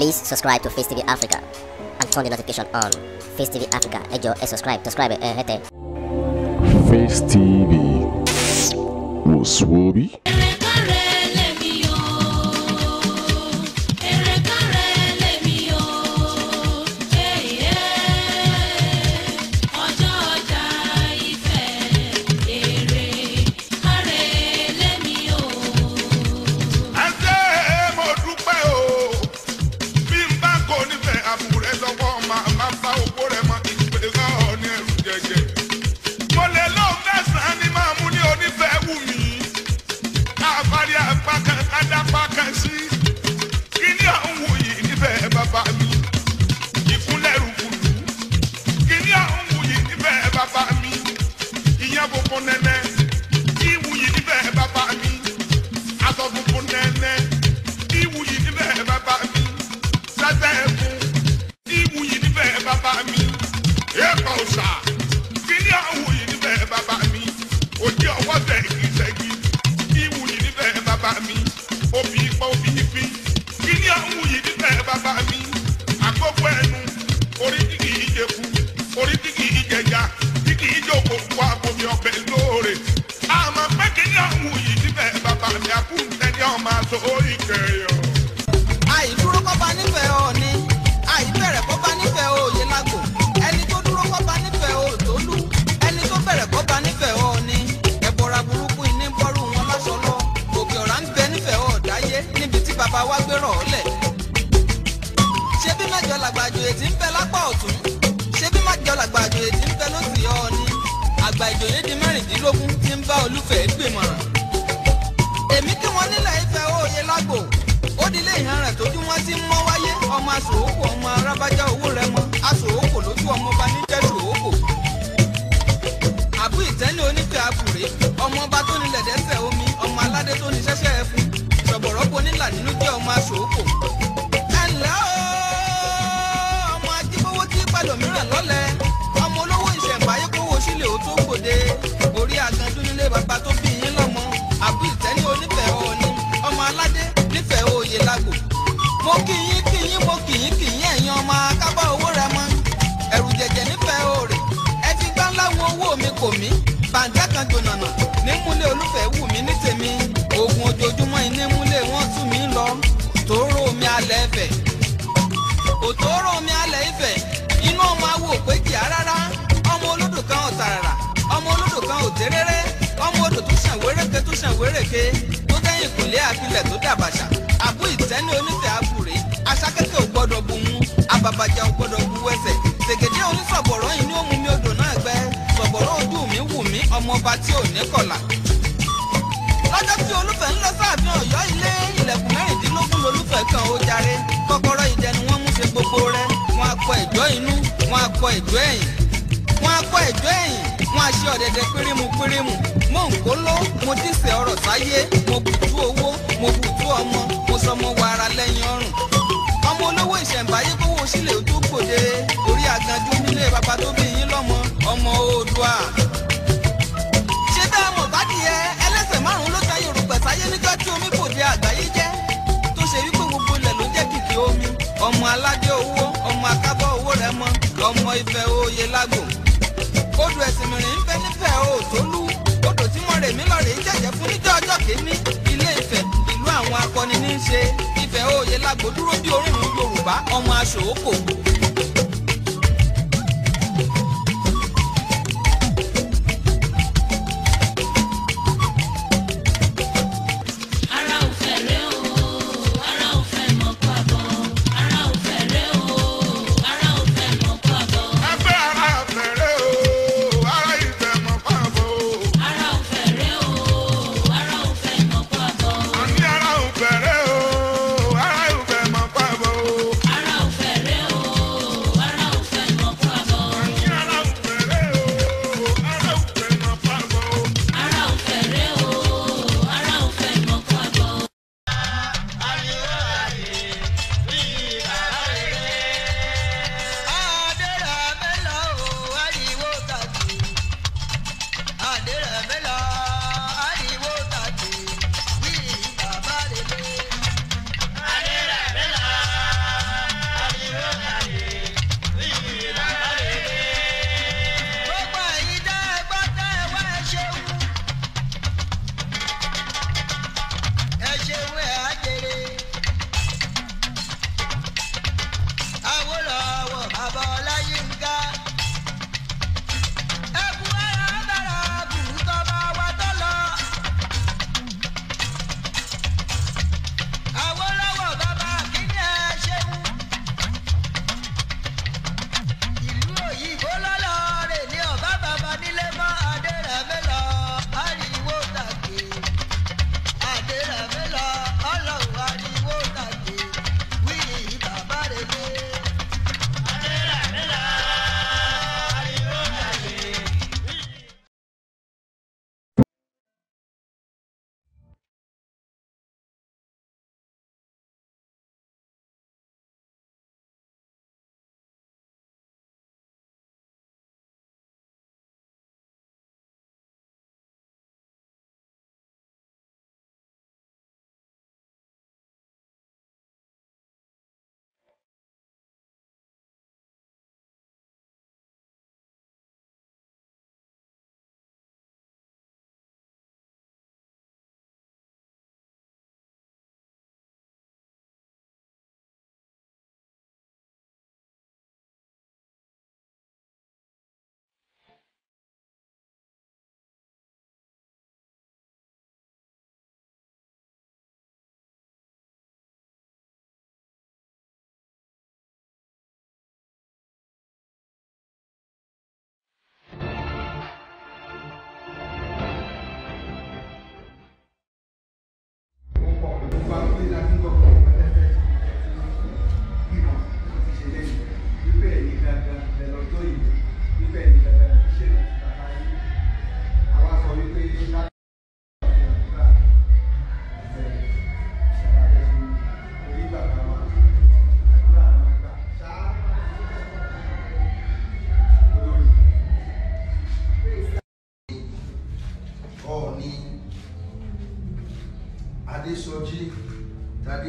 Please subscribe to Face TV Africa and turn the notification on. Face TV Africa, ejo, e subscribe, subscribe, eh, hete. Face TV was Swoby. ọ̀ṣà kíní àwọ̀ yìí níbẹ̀ bàbá mi òjì ọwọ́ bẹ̀ kìí ṣẹ́gi ìwù yìí níbẹ̀ bàbá mi òbí pọ̀ òbí jọ làgbàjò ètí ń bẹ lápá ọ̀tún ṣé bí má jọ làgbàjò ètí ń bẹ lósì ọ̀ọ́ni àgbà ìjòyè di mẹ́rìndínlógún ti ń bá olúfẹ̀ gbìmọ̀ràn. èmi kí wọ́n nílẹ̀ Ifẹ̀ òye lágbo ó di ilé ìhàn rẹ̀ tójú wọn ti mọ́ wáyé ọmọ asòwòpò ọmọ arábájá owó rẹ mọ́ asòwòpò lójú ọmọ bá níjẹ́ sòwòpò. àbú ìtẹ́ni onífẹ́ àbúrè ọmọ ọba tó nílẹ̀ dẹ́sẹ̀ omi ọmọ aládé tó ní sẹ́sẹ́ ẹ̀fún ṣọ̀bọ̀rọ̀pọ̀ nílà nínú jẹ́ ọmọ asòwòpò. Ilé-Ifẹ̀ òtòrò mi alẹ́ Ifẹ̀ inú ọmọ awo pé kìá rárá ọmọ olódò kan ọ̀tàràrà ọmọ olódò kan òtéréré ọmọ odò tó ṣàn wéréke tó ṣàn wéréke tó tẹ́yìn kùlé àpilẹ̀ tó dàbàṣà àbú ìtẹ́ni onífẹ̀ àbúrè aṣákẹ́kẹ́ ò gbọ́dọ̀ bùnmu àbàbàjà kan ó jàre kọ́kọ́rọ́ ìdẹnu wọ́n mú ṣe gbogbo rẹ̀ wọ́n á kọ inú wọ́n á kọ ẹ̀yìn wọ́n á kọ ẹ̀yìn wọ́n á ọ̀dẹ̀dẹ̀ pírímù pírímù mò ń kó ló mo díṣẹ́ ọ̀rọ̀ sáyé mo bùtú owó mo bùtú ọmọ mo sọmọ wàrà lẹ́yìn ọrùn ọmọ olówó ìṣẹ̀ǹbáyé ìfẹ́ òye lágùn odò ẹ̀sìn mìíràn ń bẹ nífẹ̀ òtólú odò tí mo rè mí lọ rè ń jẹ̀jẹ̀ fún níjọ́ ọjọ́ kìíní ilé Ifẹ̀ ìlú àwọn akọni ní í ṣe ìfẹ́ òye lágbo dúró bí orúurú Yorùbá ọmọ aṣòókò did a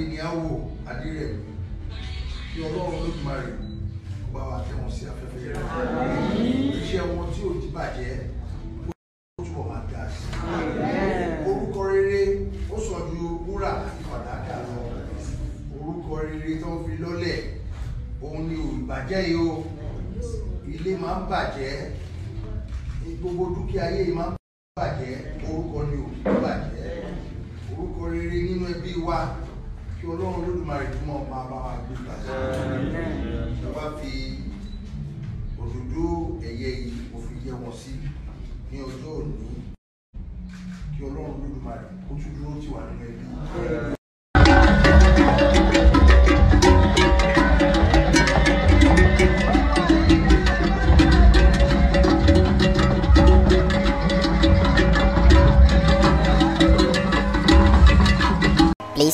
ni a wò adírẹ̀ mi kí ọlọ́run Olódùmarè kó bá wa tẹ́ wọn sí afẹ́fẹ́ yẹn iṣẹ́ wọn tí ò ti bàjẹ́ ó túbọ̀ máa ga sí orúkọ rere ó sọ ju wúrà àti fàdákà lọ orúkọ rere tó ń fi lọ́lẹ̀ òun ni ò yìí o ilé máa ń bàjẹ́ gbogbo dúkìá ayé yìí máa ń bàjẹ́ orúkọ ni ò ní bàjẹ́ orúkọ rere nínú ẹbí wa kí ọlọ́run olódùmarè tó mọ̀ máa bá wa gbé gbàgbọ́ mo bá fi òdòdó ẹ̀yẹ yìí mo fi yẹ wọn sí ní ọjọ́ òní kí ọlọ́run olódùmarè kó tún dúró tì wá nínú ẹbí.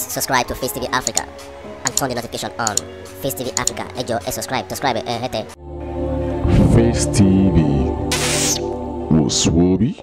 subscribe to Face TV Africa and turn the notification on. Face TV Africa, ejo, e subscribe, subscribe, eh, hete. Face TV was Swoby.